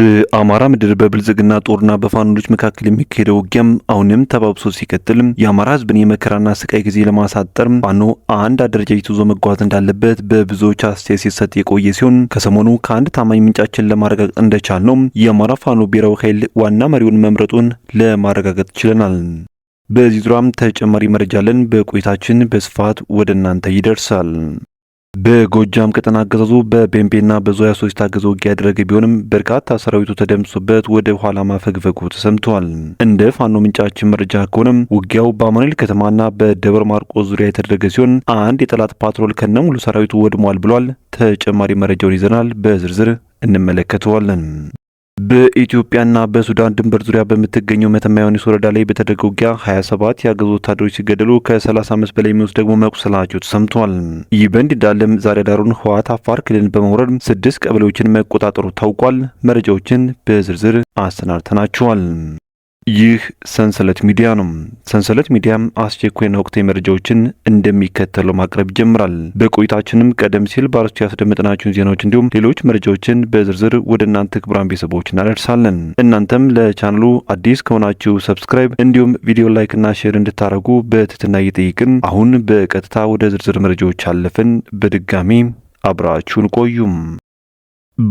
በአማራ ምድር በብልጽግና ጦርና በፋኖች መካከል የሚካሄደው ውጊያም አሁንም ተባብሶ ሲቀጥል የአማራ ህዝብን የመከራና ስቃይ ጊዜ ለማሳጠር ፋኖ አንድ አደረጃጀት ይዞ መጓዝ እንዳለበት በብዙዎች አስተያየት ሲሰጥ የቆየ ሲሆን ከሰሞኑ ከአንድ ታማኝ ምንጫችን ለማረጋገጥ እንደቻል ነው የአማራ ፋኖ ብሔራዊ ኃይል ዋና መሪውን መምረጡን ለማረጋገጥ ችለናል። በዚህ ዙሪያም ተጨማሪ መረጃ አለን። በቆይታችን በስፋት ወደ እናንተ ይደርሳል። በጎጃም ቀጠና አገዛዙ በቤንቤና በዙሪያ ሶስት ታገዘ ውጊያ ያደረገ ቢሆንም በርካታ ሰራዊቱ ተደምሶበት ወደ ኋላ ማፈግፈጉ ተሰምተዋል። እንደ ፋኖ ምንጫችን መረጃ ከሆነም ውጊያው በአማኑኤል ከተማና በደብረ ማርቆስ ዙሪያ የተደረገ ሲሆን አንድ የጠላት ፓትሮል ከነ ሙሉ ሰራዊቱ ወድሟል ብሏል። ተጨማሪ መረጃውን ይዘናል፣ በዝርዝር እንመለከተዋለን። በኢትዮጵያና በሱዳን ድንበር ዙሪያ በምትገኘው መተማ ዮሐንስ ወረዳ ላይ በተደረገ ውጊያ 27 የአገዙ ወታደሮች ሲገደሉ ከ35 በላይ የሚወስ ደግሞ መቁሰላቸው ተሰምቷል። ይህ በእንዲህ እንዳለም ዛሬ ዳሩን ህወሓት አፋር ክልልን በመውረድ ስድስት ቀበሌዎችን መቆጣጠሩ ታውቋል። መረጃዎችን በዝርዝር አሰናድተናቸዋል። ይህ ሰንሰለት ሚዲያ ነው። ሰንሰለት ሚዲያም አስቸኳይና ወቅታዊ መረጃዎችን እንደሚከተለው ማቅረብ ይጀምራል። በቆይታችንም ቀደም ሲል በአርስቱ ያስደመጥናችሁን ዜናዎች እንዲሁም ሌሎች መረጃዎችን በዝርዝር ወደ እናንተ ክቡራን ቤተሰቦች እናደርሳለን። እናንተም ለቻናሉ አዲስ ከሆናችሁ ሰብስክራይብ፣ እንዲሁም ቪዲዮ ላይክና ሼር እንድታደርጉ በትህትና እየጠየቅን አሁን በቀጥታ ወደ ዝርዝር መረጃዎች አለፍን። በድጋሚ አብራችሁን ቆዩም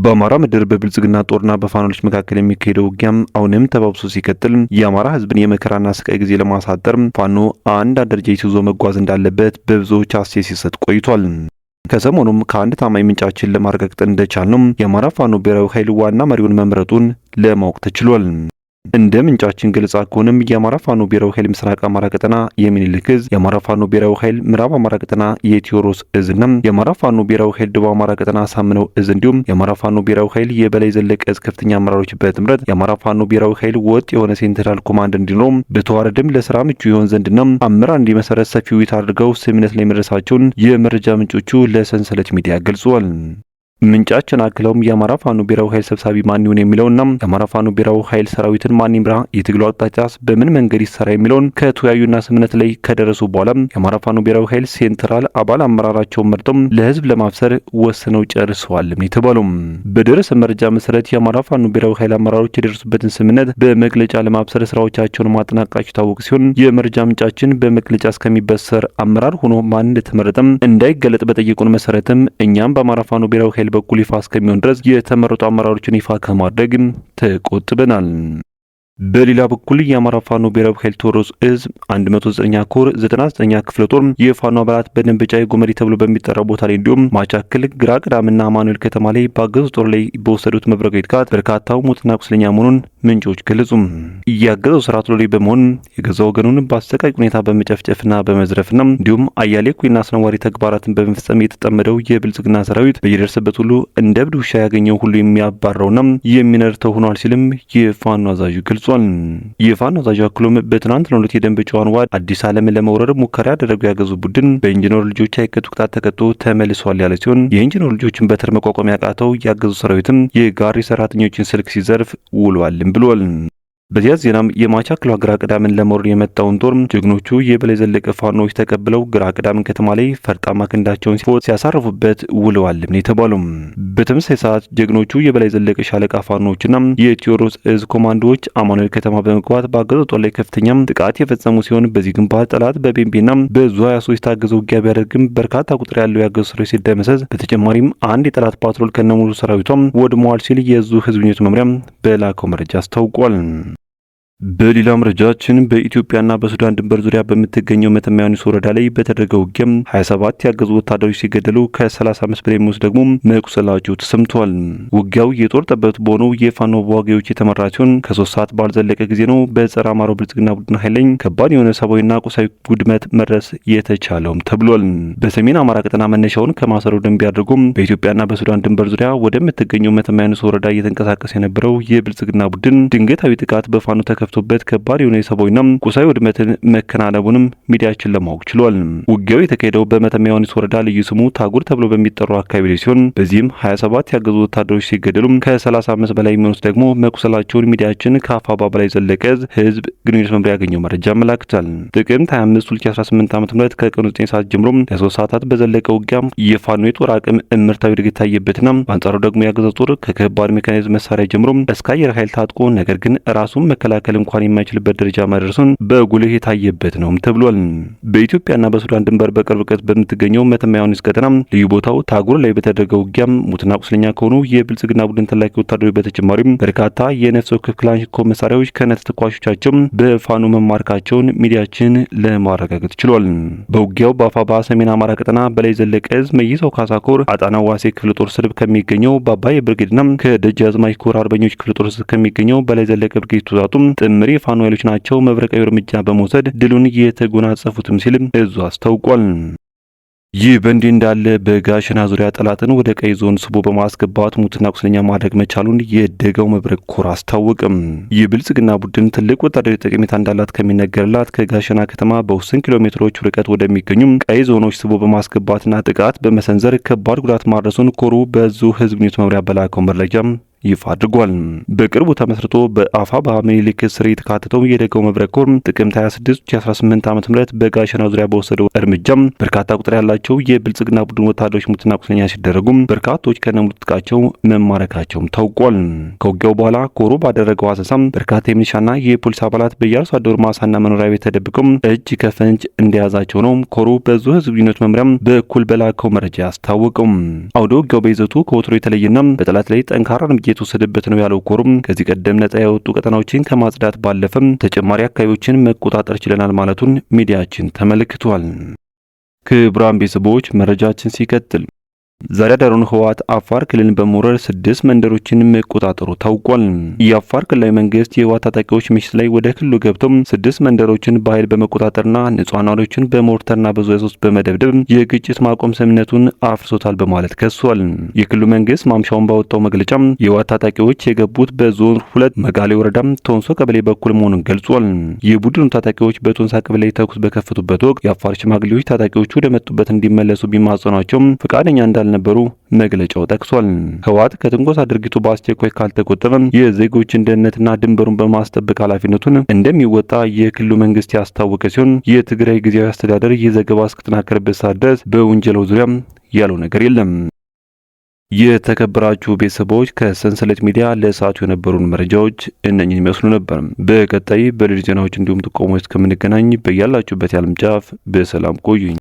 በአማራ ምድር በብልጽግና ጦርና በፋኖች መካከል የሚካሄደው ውጊያም አሁንም ተባብሶ ሲቀጥል የአማራ ህዝብን የመከራና ስቃይ ጊዜ ለማሳጠር ፋኖ አንድ አደረጃጀት ይዞ መጓዝ እንዳለበት በብዙዎች አስተያየት ሲሰጥ ቆይቷል። ከሰሞኑም ከአንድ ታማኝ ምንጫችን ለማረጋገጥ እንደቻልነው የአማራ ፋኖ ብሔራዊ ኃይል ዋና መሪውን መምረጡን ለማወቅ ተችሏል። እንደ ምንጫችን ገለጻ ከሆነም የአማራ ፋኖ ብሔራዊ ኃይል ምስራቅ አማራ ቀጠና የሚኒልክ እዝ፣ የአማራ ፋኖ ብሔራዊ ኃይል ምዕራብ አማራ ቀጠና የቴዎድሮስ እዝ እና የአማራ ፋኖ ብሔራዊ ኃይል ደቡብ አማራ ቀጠና ሳምነው እዝ እንዲሁም የአማራ ፋኖ ብሔራዊ ኃይል የበላይ ዘለቀ እዝ ከፍተኛ አመራሮች በጥምረት የአማራ ፋኖ ብሔራዊ ኃይል ወጥ የሆነ ሴንትራል ኮማንድ እንዲኖረውም በተዋረድም ለስራ ምቹ ይሆን ዘንድና አመራር እንዲመሰረት ሰፊ ውይይት አድርገው ስምምነት ላይ መድረሳቸውን የመረጃ ምንጮቹ ለሰንሰለት ሚዲያ ገልጿል። ምንጫችን አክለውም የአማራ ፋኖ ብሔራዊ ኃይል ሰብሳቢ ማን ይሁን የሚለውና የአማራ ፋኖ ብሔራዊ ኃይል ሰራዊትን ማን ይምራ፣ የትግሉ አቅጣጫስ በምን መንገድ ይሰራ የሚለውን ከተወያዩና ስምነት ላይ ከደረሱ በኋላ የአማራ ፋኖ ብሔራዊ ኃይል ሴንትራል አባል አመራራቸውን መርጠው ለህዝብ ለማብሰር ወስነው ጨርሰዋል የተባለው በደረሰ መረጃ መሰረት የአማራ ፋኖ ብሔራዊ ኃይል አመራሮች የደረሱበትን ስምነት በመግለጫ ለማብሰር ስራዎቻቸውን ማጠናቀቃቸው ታወቅ ሲሆን የመረጃ ምንጫችን በመግለጫ እስከሚበሰር አመራር ሆኖ ማን እንደተመረጠም እንዳይገለጥ በጠየቁን መሰረትም እኛም በአማራ ፋኖ ብሔራዊ ኃይል በኩል ይፋ እስከሚሆን ድረስ የተመረጡ አመራሮችን ይፋ ከማድረግ ተቆጥበናል። በሌላ በኩል የአማራ ፋኖ ብሔራዊ ኃይል ቴዎድሮስ እዝ 109 ኮር 99 ክፍለ ጦር የፋኖ አባላት በደንበጫ ጎመሪ ተብሎ በሚጠራው ቦታ ላይ እንዲሁም ማቻክል ግራ ቅዳምና አማኑኤል ከተማ ላይ በአገዙ ጦር ላይ በወሰዱት መብረቃዊ ጥቃት በርካታው ሞትና ቁስለኛ መሆኑን ምንጮች ገለጹ። እያገዘው ስርዓት ላይ በመሆን የገዛ ወገኑን በአሰቃቂ ሁኔታ በመጨፍጨፍና በመዝረፍና እንዲሁም አያሌ ኩና አስነዋሪ ተግባራትን በመፍጸም የተጠመደው የብልጽግና ሰራዊት በየደረሰበት ሁሉ እንደ እብድ ውሻ ያገኘው ሁሉ የሚያባረውና የሚነርተው ሆኗል ሲልም የፋኖ አዛዡ ገልጹ። ገልጿል። የፋኖ አዛዥ አክሎም በትናንትናው የደንብ ጨዋን ዋድ አዲስ ዓለምን ለመውረር ሙከራ ያደረጉ ያገዙ ቡድን በኢንጂነር ልጆች አይቀጡ ቅጣት ተቀጦ ተመልሷል ያለ ሲሆን የኢንጂነር ልጆችን በትር መቋቋም ያቃተው ያገዙ ሰራዊትም የጋሪ ሰራተኞችን ስልክ ሲዘርፍ ውሏልም ብሏል። በዚያ ዜናም የማቻ የማቻክል ግራ ቅዳምን ለመውረድ የመጣውን ጦር ጀግኖቹ የበላይ ዘለቀ ፋኖዎች ተቀብለው ግራ ቅዳምን ከተማ ላይ ፈርጣማ ክንዳቸውን ሲያሳርፉበት ውለዋል ነው የተባሉ። በተመሳሳይ ሰዓት ጀግኖቹ የበላይ ዘለቀ ሻለቃ ፋኖዎችና የቴዎድሮስ እዝ ኮማንዶዎች አማኑኤል ከተማ በመግባት በአገዛዙ ጦር ላይ ከፍተኛ ጥቃት የፈጸሙ ሲሆን በዚህ ግንባር ጠላት በቤምቤና በዙ 23 የታገዘ ውጊያ ቢያደርግም በርካታ ቁጥር ያለው የአገዛዙ ሰራዊት ሲደመሰስ፣ በተጨማሪም አንድ የጠላት ፓትሮል ከነሙሉ ሰራዊቷም ወድመዋል ሲል የዙ ህዝብኞች መምሪያም በላከው መረጃ አስታውቋል። በሌላ መረጃችን በኢትዮጵያና በሱዳን ድንበር ዙሪያ በምትገኘው መተማ ዮሐንስ ወረዳ ላይ በተደረገው ውጊያም 27 ያገዙ ወታደሮች ሲገደሉ ከ35 በላይ የሚወስ ደግሞ መቁሰላቸው ተሰምቷል። ውጊያው የጦር ጠበት በሆነው የፋኖ ዋጊዎች የተመራ ሲሆን ከሶስት ሰዓት ባልዘለቀ ጊዜ ነው በጸረ አማሮ ብልጽግና ቡድን ኃይለኝ ከባድ የሆነ ሰብአዊና ቁሳዊ ጉድመት መድረስ የተቻለውም ተብሏል። በሰሜን አማራ ቀጠና መነሻውን ከማሰሮ ደንብ ያድርጎም በኢትዮጵያና በሱዳን ድንበር ዙሪያ ወደምትገኘው መተማ ዮሐንስ ወረዳ እየተንቀሳቀሰ የነበረው የብልጽግና ቡድን ድንገታዊ ጥቃት በፋኖ ተከፍ ተከፍቶበት ከባድ የሆነ የሰብአዊና ቁሳዊ ውድመትን መከናነቡንም ሚዲያችን ለማወቅ ችሏል። ውጊያው የተካሄደው በመተማ ዮሐንስ ወረዳ ልዩ ስሙ ታጉር ተብሎ በሚጠራው አካባቢ ሲሆን በዚህም 27 ያገዙ ወታደሮች ሲገደሉም ከ35 በላይ የሚሆኑት ደግሞ መቁሰላቸውን ሚዲያችን ከአፋባ በላይ ዘለቀ ህዝብ ግንኙነት መምሪያ ያገኘው መረጃ አመላክታል። ጥቅምት 25 2018 ዓ.ም ከቀኑ 9 ሰዓት ጀምሮ ለሶስት ሰዓታት በዘለቀ ውጊያ የፋኖ የጦር አቅም እምርታዊ ድርጊት ታየበትና በአንጻሩ ደግሞ ያገዛው ጦር ከከባድ ሜካኒዝም መሳሪያ ጀምሮ እስከ አየር ኃይል ታጥቆ ነገር ግን ራሱን መከላከል እንኳን የማይችልበት ደረጃ ማድረሱን በጉልህ የታየበት ነው ተብሏል። በኢትዮጵያና በሱዳን ድንበር በቅርብ ርቀት በምትገኘው መተማ ዮሐንስ ቀጠና ልዩ ቦታው ታጉር ላይ በተደረገው ውጊያም ሙትና ቁስለኛ ከሆኑ የብልጽግና ቡድን ተላኪ ወታደሮች በተጨማሪም በርካታ የነፍስ ወከፍ ክላሽንኮቭ መሳሪያዎች ከነተተኳሾቻቸው በፋኖ መማረካቸውን ሚዲያችን ለማረጋገጥ ችሏል። በውጊያው በአፋባ ሰሜን አማራ ቀጠና በላይ ዘለቀ ዝ መይሰው ካሳኮር አጣና ዋሴ ክፍለ ጦር ስር ከሚገኘው በአባይ ብርጌድና ከደጃዝማች ኮር አርበኞች ክፍለ ጦር ስር ከሚገኘው በላይ ዘለቀ ብርጌድ ቱዛቱም ጭምር የፋኖዎች ናቸው መብረቃዊ እርምጃ በመውሰድ ድሉን የተጎናጸፉትም ሲልም እዙ አስታውቋል። ይህ በእንዲህ እንዳለ በጋሸና ዙሪያ ጠላትን ወደ ቀይ ዞን ስቦ በማስገባት ሙትና ቁስለኛ ማድረግ መቻሉን የደጋው መብረቅ ኮር አስታወቅም። ይህ ብልጽግና ቡድን ትልቅ ወታደራዊ ጠቀሜታ እንዳላት ከሚነገርላት ከጋሸና ከተማ በውስን ኪሎ ሜትሮች ርቀት ወደሚገኙም ቀይ ዞኖች ስቦ በማስገባትና ጥቃት በመሰንዘር ከባድ ጉዳት ማድረሱን ኮሩ በዙ ህዝብ ኒት መምሪያ በላከው መረጃም ይፋ አድርጓል። በቅርቡ ተመስርቶ በአፋ በሚኒሊክ ስር የተካተተው የደገው መብረቅ ኮር ጥቅምት 26 2018 ዓ ም በጋሸና ዙሪያ በወሰደው እርምጃም በርካታ ቁጥር ያላቸው የብልጽግና ቡድን ወታደሮች ሙትና ቁስለኛ ሲደረጉ በርካቶች ከነሙሉ ትጥቃቸው መማረካቸውም ታውቋል። ከውጊያው በኋላ ኮሩ ባደረገው አሰሳም በርካታ የሚሊሻና የፖሊስ አባላት በየአርሶ አደሩ ማሳና መኖሪያ ቤት ተደብቀው እጅ ከፈንጭ እንደያዛቸው ነው ኮሩ በዙ ህዝብ ግንኙነት መምሪያም በኩል በላከው መረጃ ያስታወቀው። አውደ ውጊያው በይዘቱ ከወትሮ የተለየና በጠላት ላይ ጠንካራ እርምጃ የተወሰደበት ነው ያለው ኮሩም ከዚህ ቀደም ነጻ ያወጡ ቀጠናዎችን ከማጽዳት ባለፈም ተጨማሪ አካባቢዎችን መቆጣጠር ችለናል ማለቱን ሚዲያችን ተመልክቷል። ክቡራን ቤተሰቦች መረጃችን ሲቀጥል ዛሬ አዳሩን ህወሓት አፋር ክልልን በመውረር ስድስት መንደሮችን መቆጣጠሩ ታውቋል። የአፋር ክልላዊ መንግስት የህወሓት ታጣቂዎች ምሽት ላይ ወደ ክልሉ ገብተው ስድስት መንደሮችን በኃይል በመቆጣጠርና ንጹሐን ነዋሪዎችን በሞርተርና በዙ ሶስት በመደብደብ የግጭት ማቆም ስምምነቱን አፍርሶታል በማለት ከሷል። የክልሉ መንግስት ማምሻውን ባወጣው መግለጫ የህወሓት ታጣቂዎች የገቡት በዞን ሁለት መጋሌ ወረዳ ቶንሶ ቀበሌ በኩል መሆኑን ገልጿል። የቡድኑ ታጣቂዎች በቶንሳ ቀበሌ ተኩስ በከፈቱበት ወቅት የአፋር ሽማግሌዎች ታጣቂዎቹ ወደመጡበት እንዲመለሱ ቢማጸኗቸውም ፈቃደኛ እንዳል እንዳልነበሩ መግለጫው ጠቅሷል። ህወሓት ከትንኮሳ ድርጊቱ በአስቸኳይ ካልተቆጠበም የዜጎችን ደህንነትና ድንበሩን በማስጠበቅ ኃላፊነቱን እንደሚወጣ የክልሉ መንግስት ያስታወቀ ሲሆን የትግራይ ጊዜያዊ አስተዳደር ይህ ዘገባ እስከተጠናከረበት ሰዓት ድረስ በውንጀላው ዙሪያም ያለው ነገር የለም። የተከበራችሁ ቤተሰቦች ከሰንሰለት ሚዲያ ለሰዓቱ የነበሩን መረጃዎች እነኝን ይመስሉ ነበር። በቀጣይ በሌሎች ዜናዎች እንዲሁም ጥቆሞች እስከምንገናኝ በያላችሁበት የዓለም ጫፍ በሰላም ቆዩኝ።